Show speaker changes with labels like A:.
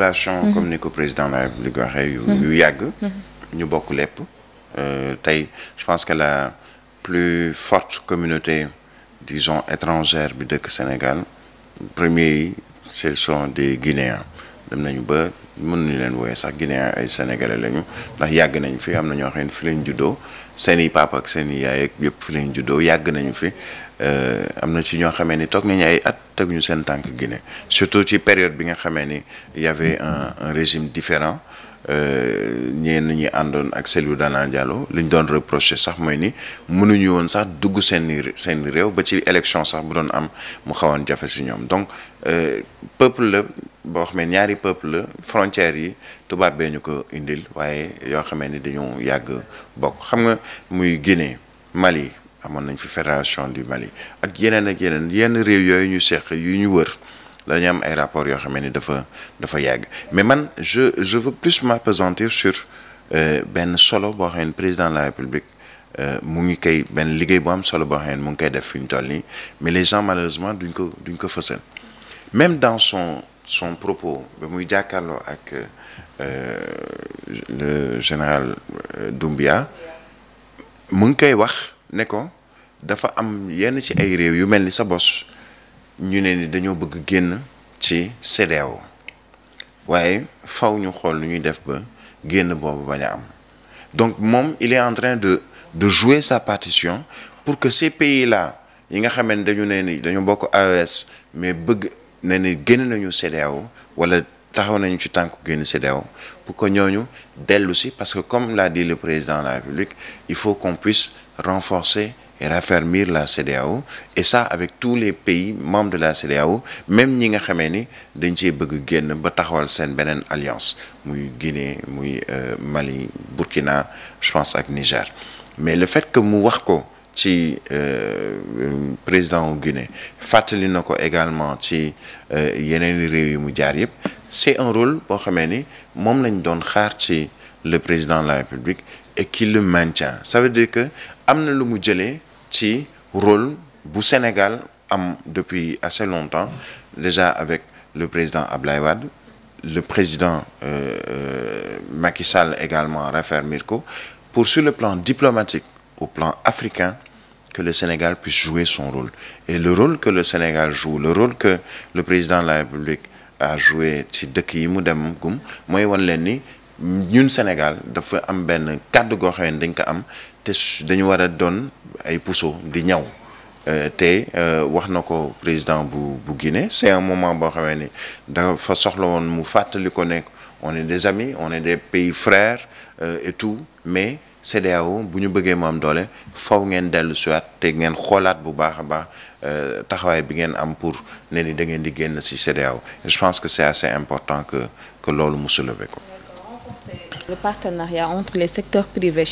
A: relation mhm. comme ni ko président de la République waxee yu mhm. mhm. ñu bokk lépp euh, je pense que la plus forte communauté disons étrangère bi dëkk Sénégal premier yi ce sont des Guinéens dem nañu ba mën nañu leen wooyee sax Guinéen ay sénégalais lañu ndax yàgg nañ fi am na ñoo xam ne fi lañ juddoo seen i papa ak seen i yaay ak yëpp fi lañ juddoo yàgg nañu fi euh, am na ci ñoo xamee ni toog nañu ay at ñu seen tànk Guinée surtout ci période bi nga xamee ni y avait un un régime différent euh, ñeen ñi àndoon ak Cellou Dalein Diallo li ñu doon reproché sax mooy ni mënuñu woon sax dugg seen seen réew ba ci élection sax bu doon am mu xawoon jafe si ñoom donc euh, peuple la boo xamee ñaari peuple la frontières yi tubaab bee ñu ko indil waaye yoo xamee ni dañoo yàgg bokk xam nga muy Guinée Mali amoon nañ fi fédération du Mali ak yeneen ak yeneen yenn réew yooyu ñu seq yu ñu wër dañu am ay rapports yoo xamee ni dafa dafa yàgg mais man je je veux plus m'appesantir sur euh, benn solo boo xam ne président de la République euh, mu ngi koy benn liggéey bu am solo boo xam ne mu ngi koy def fi ñu toll nii mais les gens malheureusement duñ ko duñ ko fësal même dans son son propos ba muy jàkkaarloo ak euh, le général euh, Doumbia mu ngi koy wax ne ko dafa am yenn ci ay réew yu mel ni sa bos ñu ne ni dañoo bëgg génn ci CEDEAO waaye faw ñu xool lu ñuy def ba génn boobu bañ am donc moom il est en train de jouer sa partition pour que ces pays là yi nga xamante dañu ne ni dañu bokk AES mais bëgg ne ni génn nañu CEDEAO wala taxaw nañu ci tànk génn CEDEAO pour ko ñooñu dellu si parce que comme l'a dit le président de la République il faut qu'on puisse renforcer et raffermir la CEDEAO et ça avec tous les pays membres de la CEDEAO même ñi nga xamee ni dañ cee bëgg génn ba taxawal seen beneen alliance muy Guinée muy euh, Mali Burkina je pense ak Niger mais le fait que mu wax ko ci euh, euh, président wu Guinée fàttali na ko également ci euh, yeneen réew yi mu jaar yëpp c'est un rôle boo xamee ni moom lañ doon xaar ci le président de la République et qui le maintient ça veut dire que am na lu mu jëlee ci rôle bu Sénégal am depuis assez longtemps déjà avec le président Ablaye le président euh, euh, Macky Sall également raffermir ko pour sur le plan diplomatique au plan africain que le Sénégal puisse jouer son rôle. Et le rôle que le Sénégal joue, le rôle que le président de la République a joué ci dëkk yi mu dem gum mooy wan leen ni ñun Sénégal dafa am benn kàddu goo xam ne dañ ko am te dañu war a doon ay puso di ñaw euh, te euh, wax na ko président bu bu Guinée c'est un moment boo xamee ni dafa soxla woon mu fàttali ko nekk on est des amis on est des pays frères euh, et tout mais CEDEAO bu ñu bëggee mu am doole faw ngeen dellu siwaat te ngeen xoolaat bu baax a baax euh, taxawaay bi ngeen am pour ne ni da ngeen di génn ci CEDEAO je pense que c'est assez important que que loolu mu soulever ko le partenariat entre les secteurs privés